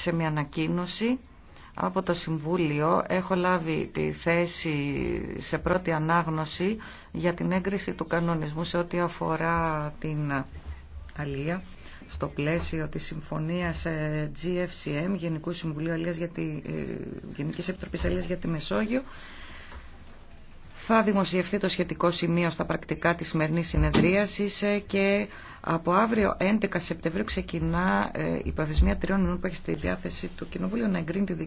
σε μια ανακοίνωση από το Συμβούλιο έχω λάβει τη θέση σε πρώτη ανάγνωση για την έγκριση του κανονισμού σε ό,τι αφορά την αλία στο πλαίσιο της συμφωνίας ε, GFCM, Γενικού Συμβουλίου Αλίας για ε, Γενικής Επιτροπής Αλίας για τη Μεσόγειο θα δημοσιευθεί το σχετικό σημείο στα πρακτικά της σημερινής συνεδρίασης ε, και από αύριο 11 Σεπτεμβρίου ξεκινά ε, η προθεσμία τριών μηνών που έχει στη διάθεση του Κοινοβούλιο να εγκρίνει τη δική